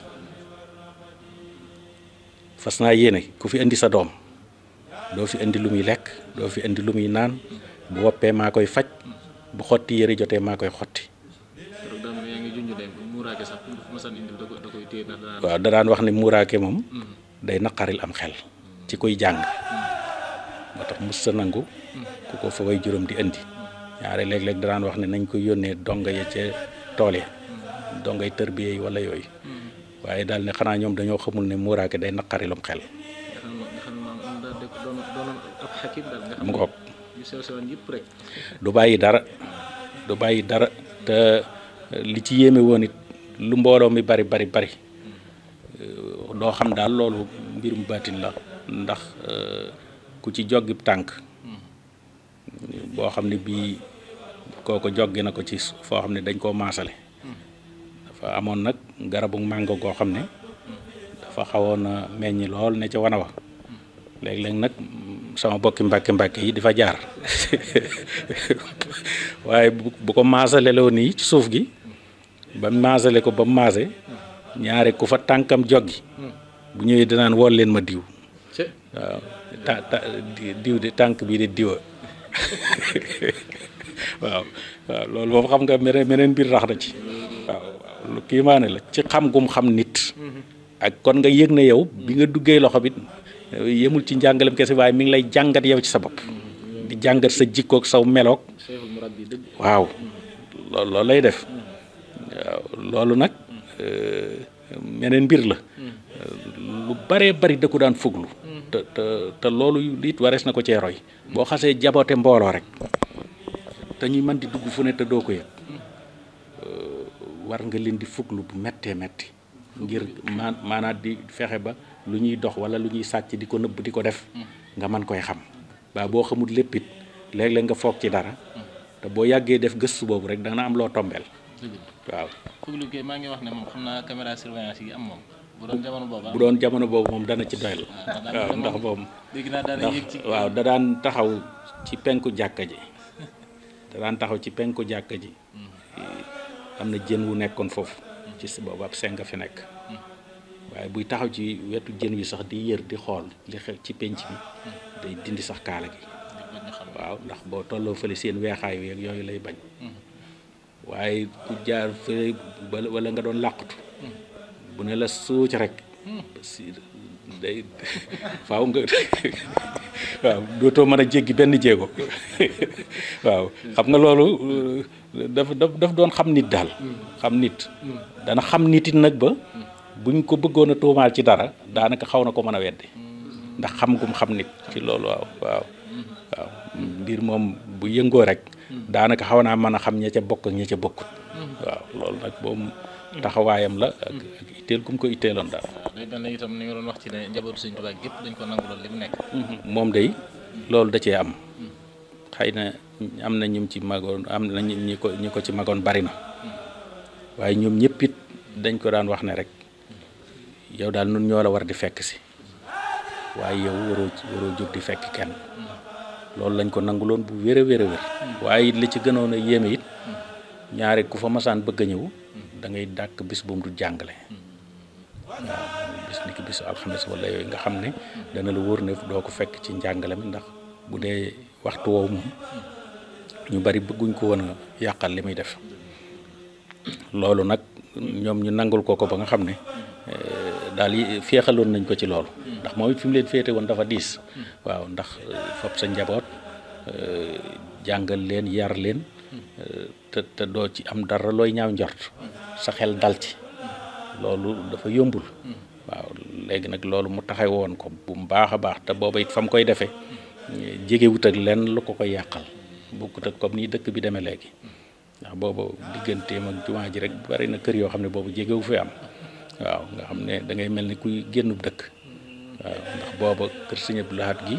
fasna yene ku fi indi sa dom doo fi indi lu muy lekk doo fi indi lu muy naan bu woppee maa koy faj bu xotti yëre jotee maa koy xotti. waaw da daan wax ne muuraake moom. day naqaril am xel. ci koy jàng. moo tax mus sa nangu. ku ko fa way juróom di indi. ñaare léeg-léeg da daan wax ne nañ koy yónnee donga ya ca tool ya. dongay tërbiye yi wala yooyu. Mm-hmm. waaye daal ne xanaa ñoom dañoo xamul ne muuraake day naqarilum xel. mu ngoog du bàyyi dara du bàyyi dara te euh, li ci yéeme woon it lu mbooloo mi bari bari bari euh, doo xam daal loolu mbirum baatin la ndax euh, ku ci joggi tànk boo xam ne bii kooko joggi na ko ci foo xam ne dañ koo maasale dafa amoon nag garabu màngo goo xam ne dafa xawoon a meññ lool ne ca wana wa léeg-léeg nag sama bokki mbàkke mbàkke yi di fa jaar waaye bu ko maasale loo nii suuf gi ba maasale ko ba maase ñaare ku fa tànkam joggi bu ñëwee danaan woo leen ma diw waaw ta- ta- tànk bii de diwa waaw loolu moom xam nga meneen meneen mbir rax na ci waaw lu kii la ci xam gum xam nit mm-hmm. ak kon nga yëg na yow bi nga duggee loxo bi yemul ci njàngalam kese way mi ngi lay jangat yow ci sa di jangat sa ak saw melok. waaw lolou lay def lolou nak euh, menen bir la lu bare bari da ko daan fuglu te te te loolu liit warees na ko roy bo xasse jabote mbolo rek te ñuy man di dugg fu ne te do ko yëg euh, war nga leen di fuglu bu metti metti ngir maanaat di ba lu ñuy dox wala lu ñuy sacc diko neub diko def nga man koy xam ba bo xamul lépp leg leg nga fokk ci dara te bo yagge def gëstu bobu rek da dana am lo tombel waaw lu ge ma ngi wax ne mom xamna caméra surveillance yi am mom bu doon jamono bobu ah. bu doon jamono boobu moom dana ci doyal ah, waaw ndax moom waaw da daan taxaw ci penku jakka ji da daan taxaw ci penku jakka ji hmm. amna jeen wu nekkon fofu ci bobu ab senga fi nekk waaye buy taxaw ci wetu jën yi sax di yër di xool li xew ci pénc bi day dindi sax kaala gi waaw ndax boo tolloo fële seen weexaay wi yooyu lay bañ waaye ku jaar fële wala nga doon làqutu bu ne la suuc rek si day faaw nga waaw dootoo mën a jéggi benn jéego waaw xam nga loolu euh, daf daf doon xam nit daal xam nit mm. dana xam nitit nag ba mm. bu buñ ko bëggoon a tuumaal ci dara daanaka xaw na ko mën a weddi ndax xam gum xam nit ci loolu waaw waaw mbir moom bu yëngoo rek daanaka xaw naa mën a xam ña ca bokk ak ña ca bokkut loolu nag moom taxawaayam la ak ak itteel gum ko itteeloon daal. day mel ne itam doon wax ci ne njabootu Sëñ Tuubaa gépp dañ ko nanguloon li mu nekk. moom day loolu da cee am xëy na am na ñum ci magoon am na ñi ko ñi ko ci magoon bari na waaye ñoom ñëpp it dañ ko daan wax ne rek. yow dal nun ñoo la war di fekk si waye yow waro waro jog di fekk kenn lool lañ ko nanguloon bu wéré wéré wér waye li ci gënoon a yéme it ñaari ku fa saan bëgg da ngay dakk bis bu mu jàngalé bis niki bis ni wala nga xamné da dana la wër ne do ko fekk ci waktu mi ndax bu dé waxtu woom ñu bari bëgguñ ko wona yaqal limay def loolu nak ñom ñu nangul koko ba nga Euh, daal yi féexaloon nañ ko ci loolu ndax moom it fi mu leen féete woon dafa diis waaw ndax euh, fab sa njaboot euh, jàngal leen yar leen te te doo ci am dara looy ñaaw njort sa xel dal ci loolu dafa yombul waaw léegi nag loolu mu taxe woon ko bu mu baax a baax te booba it fa mu koy defee jegewut ak lenn lu ko ko yàqal bokkut ak comme nii dëkk bi demee léegi ndax booba digganteem ak jumaa ji rek bari na kër yoo xam ne boobu jegewu fi am waaw nga xam ne da ngay mel ni kuy génnub dëkk waaw ndax booba kër sëñ Abdou Lahad gi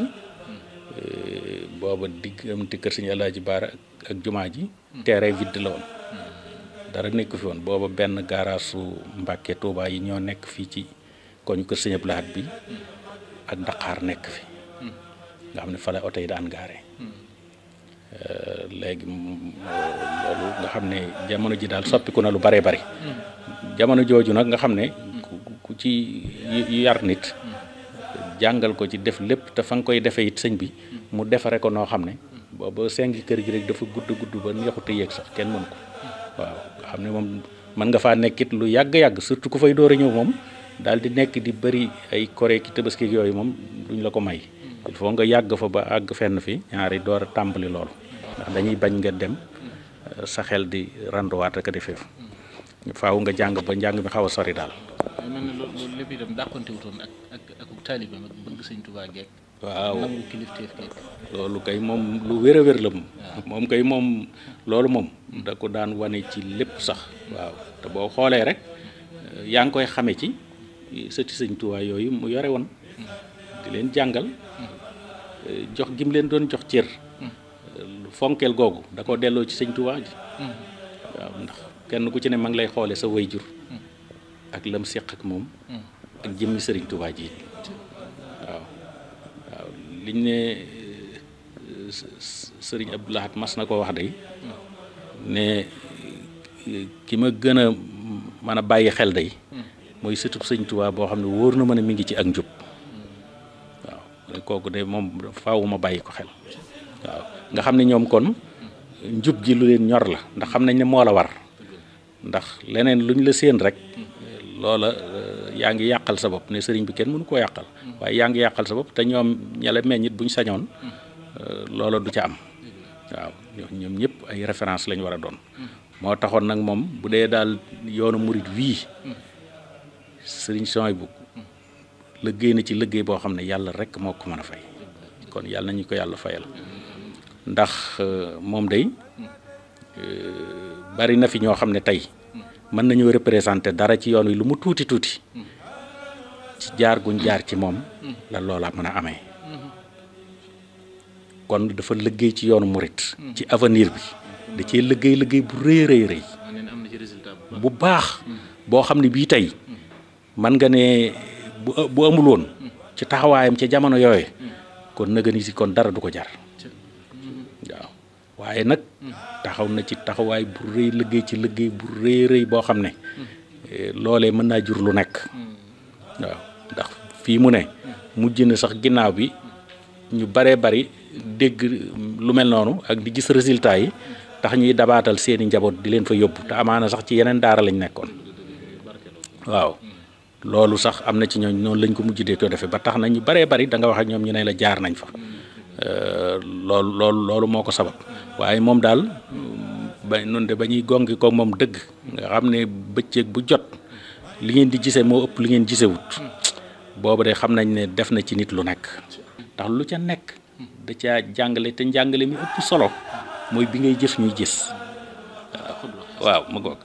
eh, booba diggante kër sëñ Alaaji Baara ak jumaa ji terrain vide la woon dara nekk fi woon booba benn gaaraasu Mbàkke Tuubaa yi ñoo nekk fii ci koñu kër sëñ Abdou Lahad bi ak Dakar nekk fi nga xam ne fa la oto yi daan gaare eh, léegi mm, loolu nga xam ne jamono ji daal soppiku na lu bare bare jamono joju nak nga xamne ku ci yar nit jangal ko ci def lip, te fang koy defé it señ bi mu defare ko no xamne bo bo seng keur gi rek dafa gudd gudd ba neexute yek sax ken mën ko waaw xamne mom man nga fa nekkit lu yag yag surtout ku fay doore ñew mom dal di nekk di bari ay koré ki tabaski yoy mom duñ la ko may il faut nga yag fa ba ag fenn fi ñaari door tambali lool ndax dañuy bañ nga dem sa xel di wat ak di faaw nga jàng ba njàng mi xaw a sori daal. mel na loolu loolu lépp itam dàqante kay moom lu wér a wér la moom. moom kay moom loolu moom. da ko daan wane ci lépp sax. waaw te boo xoolee rek eh, yaa ngi koy xame ci sëti sëñ Tuubaa yooyu mu yore woon. di leen jàngal. Eh, jox gim leen doon jox cër. Mm. Eh, fonkeel googu da ko delloo ci sëñ Tuubaa ji. Mm. waaw ndax. kenn ku ci ne ma lay xoole sa wayjur ak lam séq ak moom mm. ak jëmmi sëriñ Tuubaa ji waaw liñ ne euh, sëriñ Abdou Lahad mas na ko wax day mm. ne ki ma gën a mën a bàyyi xel day mm. mooy sëtu sëriñ Tuubaa boo xam ne wóor na ma ne mi ngi ci ak njub waaw kooku de moom faaw ma bàyyi ko xel waaw nga xam ne ñoom kon njub gi lu leen ñor la ndax xam nañ ne moo la war ndax leneen lu ñu la séen rek loola euh, yaa ngi yàqal sa bopp ne sëriñ bi kenn mënu koo yàqal waaye yaa ngi yàqal sa bopp te ñoom ñale bu ñu sañoon euh, loola du ca am waaw ñoom ñëpp ay référence lañ war a doon moo taxoon nag moom bu dee daal yoonu murit wii sëriñ sony bu liggéey na ci liggéey boo xam ne yàlla rek moo ko mën a fay kon yàlla nañu ko yàlla fayal ndax euh, moom day bari na fi ñoo xam ne tey mën nañoo représenter dara ci yoon wi lu mu tuuti tuuti ci jaar guñ jaar ci moom la loola mën a amee kon dafa liggéey ci yoonu murit ci avenir bi da cee liggéey liggéey bu rëy rëy rëy bu baax boo xam ne bii tey man nga ne bu bu amul ci taxawaayam ca jamono yooyu kon nëgëni kon dara du ko jar waaye nag taxaw na ci taxawaay bu rëy liggéey ci liggéey bu rëy rëy boo xam ne eh, loole mën naa jur lu nekk waaw ndax fii mu ne mujj na sax ginnaaw bi ñu baree bari dégg lu mel noonu ak di gis résultat yi tax ñuy dabaatal seeni njaboot di leen fa yóbbu te amaana sax ci yeneen daara lañ nekkoon waaw loolu sax am na ci ñooñ noonu lañ ko mujj dee ko defee ba tax na ñu bare bari da nga wax ñoom ñu ne la jaar nañ fa loolu euh, loolu loolu moo ko sabab waaye moom daal ba nun de ba ñuy gongi ko moom dëgg nga xam ne bëccëg bu jot li ngeen di gise moo ëpp li ngeen gisewut boobu de xam nañ ne def na ci nit lu nekk ndax lu ca nekk da ca jàngale te njàngale mi ëpp solo mooy bi ngay jëf ñuy gis waaw ma goog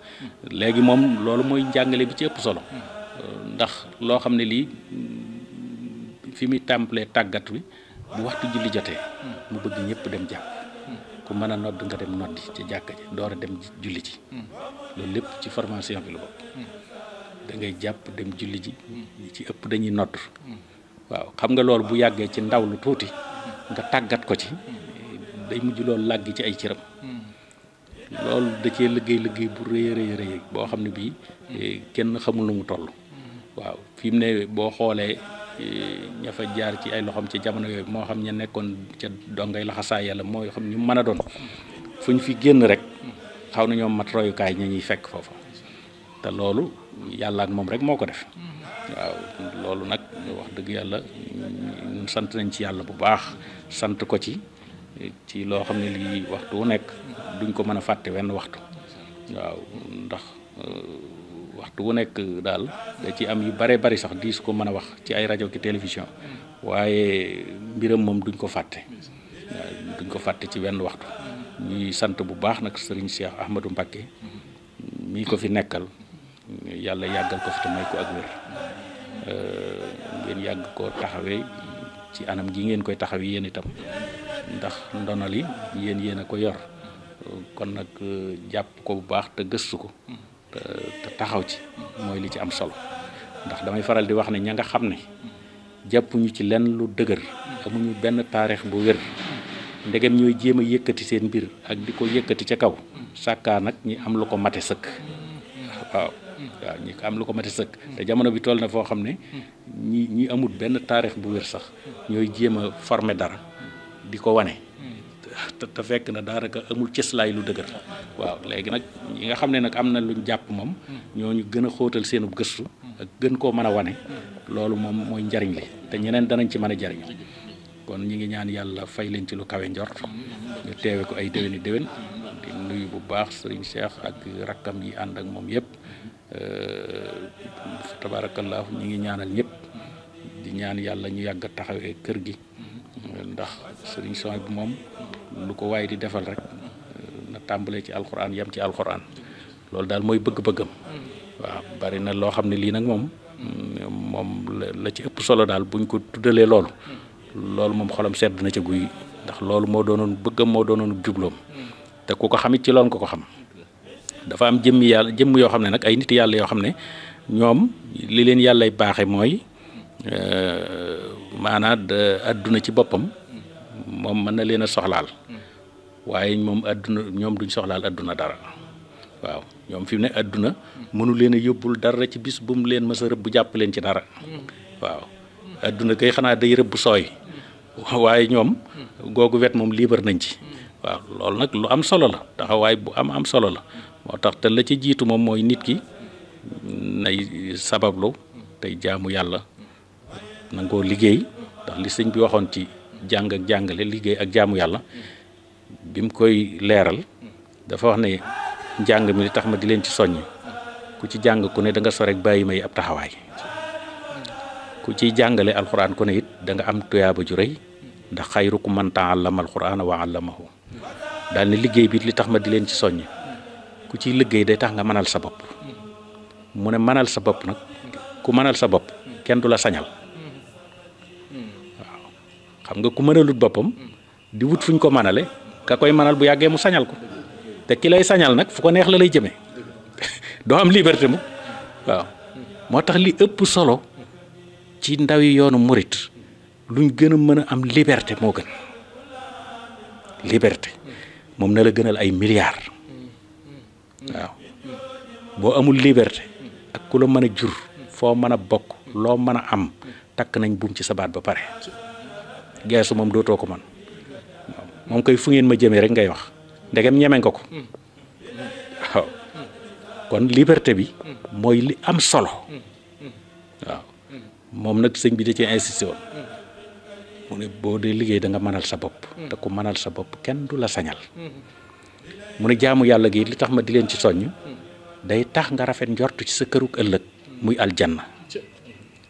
léegi moom loolu mooy njàngale bi ci ëpp solo ndax loo xam ne lii fi muy tàmbalee tàggat bi bu waxtu julli jotee mu bëgg ñëpp dem jàpp ku mën a nodd nga dem noddi ci jàkk ji door a dem julli ji loolu lépp ci formation bi la bokk da ngay jàpp dem julli ji ci ëpp dañuy nodd waaw xam nga loolu bu yàggee ci ndaw lu tuuti nga tàggat ko ci day mujj loolu làgg ci ay cëram loolu da cee liggéey liggéey bu rëy rëy rëy boo xam ne bii eh, kenn xamul lu mu toll waaw fi ne boo xoolee ña fa jaar ci ay loxoom ci jamono yooyu moo xam ña nekkoon ca dongay laxasaa yàlla mooy xam ñu mën a doon fu ñu fi génn rek xaw na ñoom mat royukaay ña ñuy fekk foofa te loolu yàlla ak moom rek moo ko def waaw loolu nag wax dëgg yàlla ñun sant nañ ci yàlla bu baax sant ko ci ci loo xam ne lii waxtu wu nekk duñ ko mën a fàtte wenn waxtu waaw ndax euh, waxtu wu nekk daal da ci am yu bare bari sax diis ko mën a wax ci ay rajo ki télévision waaye mbiram moom duñ ko fàtte duñ ko fàtte ci wenn waxtu ñuy sant bu baax nag sëriñ Cheikh Ahmadou Mbacké mii ko fi nekkal yàlla yàggal ko fi te may ko ak wér ngeen yàgg koo taxawee ci anam gi ngeen koy taxaw yéen itam ndax ndonali yéen yéen a ko yor kon nag jàpp ko bu baax te gëstu ko te taxaw ci mooy li ci am solo ndax damay faral di wax ne ña nga xam ne jàppuñu ci lenn lu dëgër ñu benn taarix bu wér ndegem ñooy jéem a yëkkati seen mbir ak di ko yëkkati ca kaw sàkkaa nag ñi am lu ko mate sëkk waaw waaw am lu ko mate sëkk te jamono bi toll na foo xam ne ñi ñi amul benn taarix bu wér sax ñooy jéem a former dara di ko wane ta fekk na ka amul cëslaay lu deugar waaw legi nak yi nga xamne nak amna luñu japp mom ñoñu gëna xootal seenu gëstu ak gën ko mëna wané loolu mom moy njariñ li te ñeneen danañ ci mëna a jariñ kon ñi ngi ñaan yalla fay leen ci lu kawé njort ñu téwé ko ay déwéni déwén di nuyu bu baax serigne Cheikh ak rakam yi and ak mom yépp euh tabarakallah ñi ngi ñaanal ñëpp di ñaan yalla ñu yagg taxawé kër gi ndax sëriñ soñ bi moom lu ko waaye di defal rek euh, na tàmbalee ci alxuraan yam ci alxuraan loolu daal mooy bëgg-bëggam waaw bari na loo xam ne lii nag moom mm, moom la ci ëpp solo daal buñ ko tuddalee loolu loolu moom xolam sedd na ca guy ndax loolu moo doonoon bëggam moo doonoon jubloom te ku ko xamit ci loolu nga ko xam dafa am jëmm yàlla jëmm yoo xam ne nag ay nit yàlla yoo xam ne ñoom li leen yàllay baaxe mooy euh, maanaa àdduna ci boppam moom mën na leen a soxlaal waaye moom àdduna ñoom duñ soxlaal adduna dara waaw ñoom fi ne àdduna mënu leen yóbbul dara ci bis bu mu leen mës a rëbb jàpp leen ci dara waaw adduna kay xanaa day rëbb sooy waaye ñoom googu wet moom liibar nañ ci waaw loolu nag lu am solo la taxawaay bu am am solo la moo tax te la ci jiitu moom mooy nit ki nay sabablu tey jaamu yàlla nango liggey koo ndax li seigne bi waxoon ci jang ak jangale liggey ak jamu yalla bim koy leral dafa wax ne jang mi tax ma di len ci soññ ku ci jang ku ne da nga sore ak bayima yi ab taxaway ku ci jangale alquran ku ne it da nga am tuyaba ju reey ndax khayrukum man taallama alquran wa allamahu dal ni liggey bi li tax ma di len ci soññ ku ci liggey day tax nga manal sa bop mu ne sa bop nak ku manal sa bop ken dula sañal xam nga ku mënalut boppam di wut fuñ ko manale ka koy manal bu yàggee mu sañal ko te ki lay sañal nag fu ko neex la lay jëmee doo am liberté mu waaw moo tax li ëpp solo ci ndaw yoonu murit luñ gën a mën a am liberté moo gën liberté moom na la gënal ay milliards waaw boo amul liberté ak ku la mën a jur foo mën a bokk loo mën a am takk nañ buum ci sa baat ba pare geesu mom doto ko man mom koy fu ngeen ma jeme rek ngay wax ndegem ñeme ko ko kon liberté bi moy li am solo waaw mom nak sëñ bi da ci insisté won mo ne bo de liggey da nga manal sa bop da ku manal sa bop ken du la sañal mu ne jaamu yalla gi li tax ma di len ci soñu day tax nga rafet njort ci sa keuruk ëllëg muy aljanna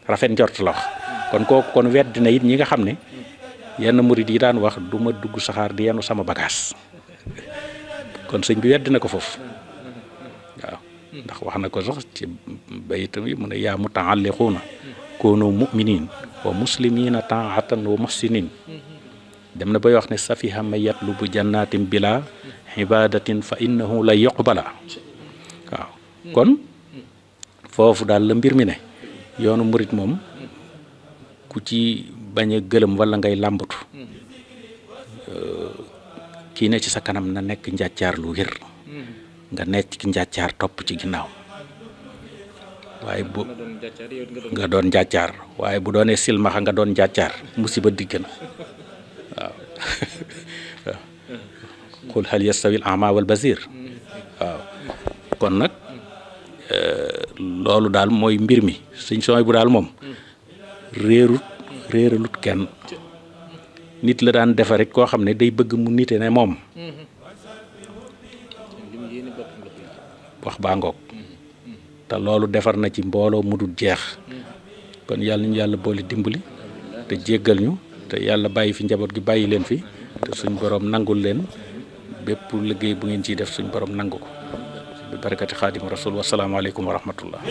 rafet njort la wax kon ko kon wedd na it ñi nga xamne yenn murid yi daan wax du ma dugg saxaar di yenu sama bagage kon sëñ bi weddi na ko foofu waaw ndax wax na ko sax ci bayitam yi mu ne yaa mutaalliquuna koonoo muminin wa muslimina taatan wa muhsinin dem na bay wax ne safiha ma yatlubu jannatin bila ibadatin fa innahu la yuqbala waaw kon foofu daal la mbir mi ne yoonu murit moom ku ci bañ a wala ngay hmm. euh ki ne ci sa kanam na nek njàccaar lu wir hmm. nga ci njàccaar top ci ginnaaw waye bu nga doon njàccaar waye bu doone silma nga doon njàccaar musiba diggan qul hal yastawi al ama wal basir hmm. kon nak euh, mbir mi seigne bu dal mom rerut réeralut kenn nit la daan defar rek koo xam ne day bëgg mu nite ne moom wax baa ngoog te loolu defar na ci mbooloo mu dul jeex kon yàlla ñu yàlla boole dimbali te jéggal ñu te yàlla bàyyi fi njaboot gi bàyyi leen fi te suñ borom nangul leen bépp liggéey bu ngeen ciy def suñ boroom nangu ko bi barakati xaadimu rasul wasalaamaaleykum wa rahmatullah